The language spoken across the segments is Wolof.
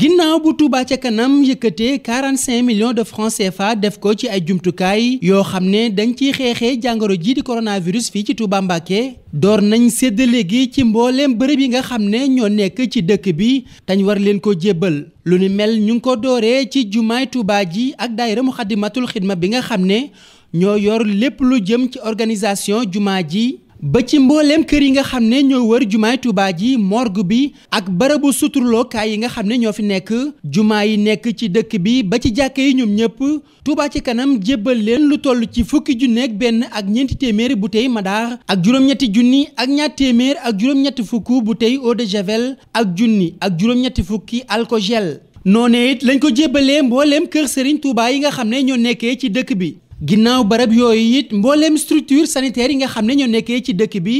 ginnaaw bu Touba ca kanam yëkkatee 45 millions de francs CFA def ko ci ay jumtukaay yoo xam ne dañ ciy xeexee jàngoro jii di coronavirus fii ci Touba Mbacké door nañ séddale léegi ci mbooleem bërëb yi nga xam ne ñoo nekk ci dëkk bi tañ war leen ko jébbal lu nu mel ñu ngi ko dooree ci jumaay Touba ji ak daayira Muxaddamatul Xidma bi nga xam ne ñoo yor lépp lu jëm ci organisation jumaa ji ba ci mbooleem kër yi nga xam ne ñoo wër jumaay Tuubaa ji morgue bi ak barabu suturlookaay yi nga xam ne ñoo fi nekk jumaa yi nekk ci dëkk bi ba ci jàkke yi ñoom ñëpp Tuubaa ci kanam jébbal leen lu toll ci fukki junni ak benn ak ñeenti téeméeri bouteille Madar ak juróom-ñetti junni ak ñaar ak juróom-ñetti fukki bouteille eau de javel ak junni ak juróom-ñetti fukki alcogel noonee it lañ ko jébbalee mbooleem kër Serigne Touba yi nga xam ne ñoo nekkee ci dëkk bi ginnaaw barab yooyu it mbooleem structure sanitaire yi nga xam ne ñoo nekkee ci dëkk bi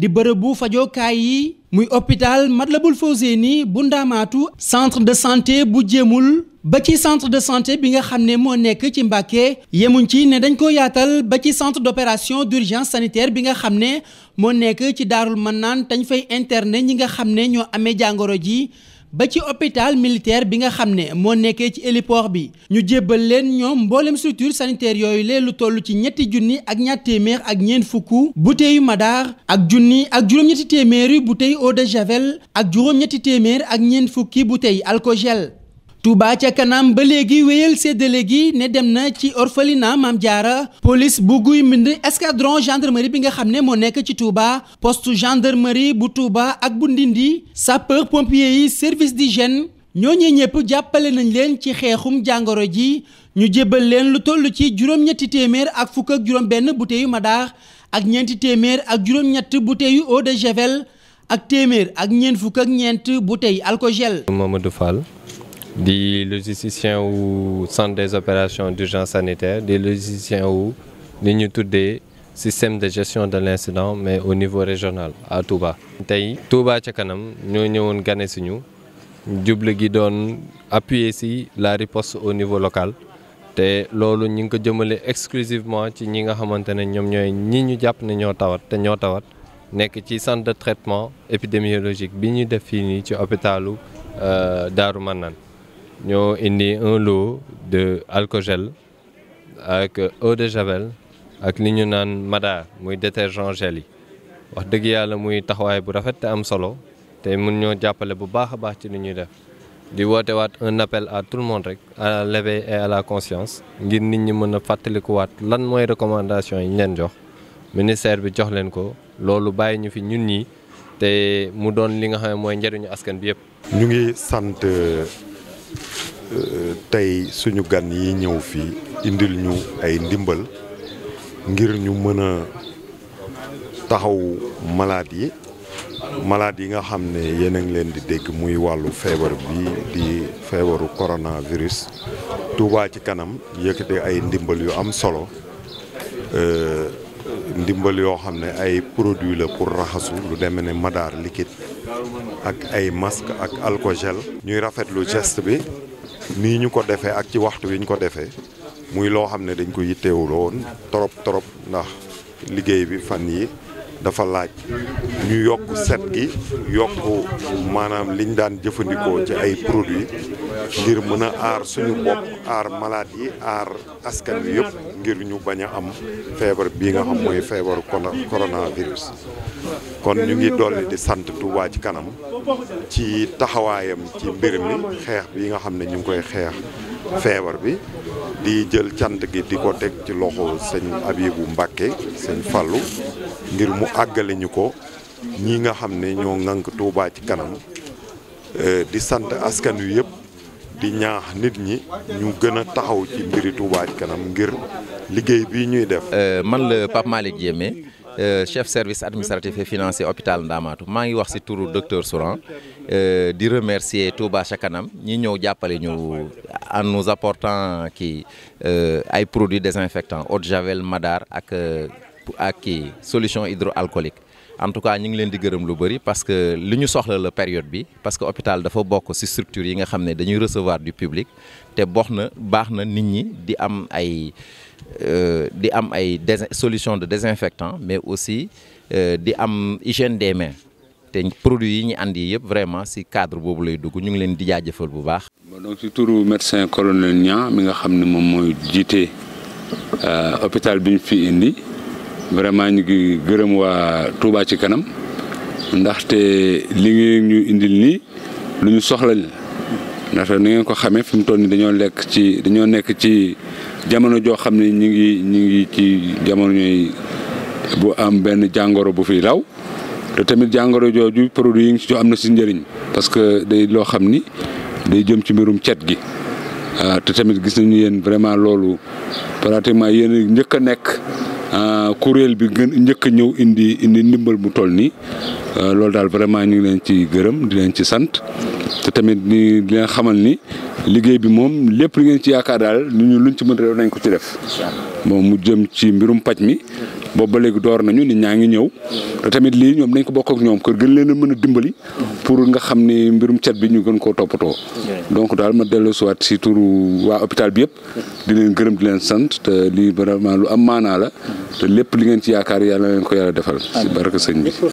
di bërëbu fajookaay yi muy hôpital Matlaboul Fawzeyni bu Ndaamaatu centre de santé bu Jéemul ba ci centre de santé bi nga xam ne moo nekk ci Mbàkke yemuñ ci ne dañ ko yaatal ba ci centre d'opération d'urgence sanitaire bi nga xam ne moo nekk ci Daarul man Mannaan dañ fay internet ñi nga xam ne ñoo amee jàngoro ji ba ci hôpital militaire bi nga xam ne moo nekkee ci héliport bi ñu jébbal leen ñoom mboolem structure sanitaire yooyu lee lu toll ci ñetti junni ak ñaar téeméer ak ñeent fukk bouteille yu madaar ak junni ak juróom-ñetti téeméeri bouteille eau de javel ak juróom-ñetti téeméer ak ñeent fukki bouteille alcogel Touba ca kanam ba léegi wéyal séddale gi ne dem na ci orphelinat Maam Jaara police bu guy mbind escadron gendarmerie bi nga xam ne moo nekk ci Touba poste gendarmerie bu Touba ak bu Ndindi sapeur pompier yi service di d'hygiène ñooñee ñëpp jàppale nañ leen ci xeexum jàngoro ji ñu jébbal leen lu toll ci juróom téeméer ak fukk ak juróom yu madar ak ñeenti téeméer ak juróom-ñett yu eau de javel ak téeméer ak ñeent fukk ak ñeent bouteille alcogel Mamadou Fall di logisticien wu centre des opérations d'urgence sanitaire di logisticien wu ni ñu tuddee système de gestion de l'incident mais au niveau régional à Touba. tey Touba ca kanam ñoo ñëwoon gane suñu ñu gi doon appuyer si la riposte au niveau local te loolu ñu ngi ko jëmale exclusivement ci ñi nga xamante ne ñoom ñooy ñi ñu jàpp ne ñoo tawat te ñoo tawat nekk ci centre de traitement épidémiologique bi ñu def fii nii ci hôpitalu euh, Daaru Mannaan ñoo indi un lot de alcogel ak eau de javel ak li ñu naan mada muy détergent gel yi wax dëgg yàlla muy taxawaay bu rafet te am solo te mun ñoo jàppale bu baax a baax ci li ñuy def di woote waat un appel à tout le monde rek à l'éveil et à la conscience ngir nit ñi mën a fàttalikuwaat lan mooy recommandation yi ñu jox ministère bi jox leen ko loolu bàyyi ñu fi ñun ñi te mu doon li nga xam ne mooy njëriñu askan bi yëpp. ñu ngi sant. tey suñu gan yi ñëw fii indil ñu ay ndimbal ngir ñu mën a taxaw malade yi malade yi nga xam ne yéen a ngi leen di dégg muy wàllu feebar bi di feebaru coronavirus Touba ci kanam yëkkate ay ndimbal yu am solo euh, ndimbal yoo xam ne ay produit la pour raxasu lu deme ne madaar liquide ak ay masque ak alcogel ñuy rafetlu geste bi ni ñu ko defee ak ci waxtu wi ñu ko defee muy loo xam ne dañ ko yittewuloon trop trop ndax liggéey bi fan yi dafa laaj ñu yokk set gi yokk maanaam liñ daan jëfandikoo ci ay produits ngir mën a aar suñu bopp aar malaat yi aar askan wi yëpp ngir ñu bañ a am feebar bii nga xam mooy feebaru coronavirus. kon ñu ngi dolli di sant Touba ci kanam ci taxawaayam ci mbir mi xeex bi nga xam ne ñu ngi koy xeex feebar bi. di jël cant gi di ko teg ci loxo sëñ Abibu Mbàkke sëñ Fàllu ngir mu àggale ñu ko ñi nga xam ne ñoo ŋànk Tuubaa ci kanam e, di sant askan wi yëpp di ñaax nit ñi ñu gën a taxaw ci mbiri Tuubaa ci kanam ngir liggéey bi ñuy def e, man la Pape Malick Diémé e, chef service administratif et financier hôpital Ndamatou maa ngi wax ci turu docteur Souran di remercier Touba Ca Kanam ñi ñëw jàppale ñu en nous apportant kii euh, ay produit désinfectants eau de javel madar ak euh, ak kii solution hydroalcoolique en tout cas ñu ngi leen di gërëm lu bëri parce que li ñu soxla la période bi parce que hôpital dafa bokk si structure yi nga xam ne dañuy recevoir du public te box na baax na nit ñi di am ay euh, di am ay solution de désinfectant mais aussi di am hygiène des mains te produit yi ñu andi yëpp vraiment si cadre boobu lay dugg ñu ngi leen di jaajëfal bu baax. donc si turu médecin colonel Niang mi nga xam ne moom mooy jiite euh, hôpital bi ñu fi indi vraiment ñu ngi gërëm waa Touba ci kanam ndaxte li ngeen ñu indi nii lu ñu soxla la ndaxte ni ngeen ko xamee fi mu toll nii dañoo lekk ci dañoo nekk ci jamono joo xam ne ñu ngi ñu ngi ci jamono yi bu am benn jàngoro bu fi law. te tamit jàngoro jooju produit yi ngi si jox am na si njariñ parce que day loo xam ni day jëm ci mbirum cet gi ah, te tamit gis nañu yéen vraiment loolu pratiquement yéen njëkk a nekk ah, kuréel bi gën njëkk a ñëw indi indi ndimbal bu toll nii ah, loolu daal vraiment ñu ngi leen ci gërëm di leen ci sant te tamit ni di leen xamal ni liggéey bi moom lépp li ngeen ci yaakaar daal ñu luñ ci mën a def nañ ko ci def moom mu jëm ci mbirum paj mi boobu ba léegi door nañu ni ñaa ngi ñëw te tamit lii ñoom nañ ko bokk ak ñoom kër gën leen a mën a dimbali pour nga xam ni mbirum cet bi ñu gën koo toppatoo donc daal ma dellu siwaat si turu waa hôpital bi yëpp di leen gërëm di leen sant te lii vraiment lu am maanaa la te lépp li ngeen ci yaakaar yàlla leen ko yàlla defal si barke sëñ bi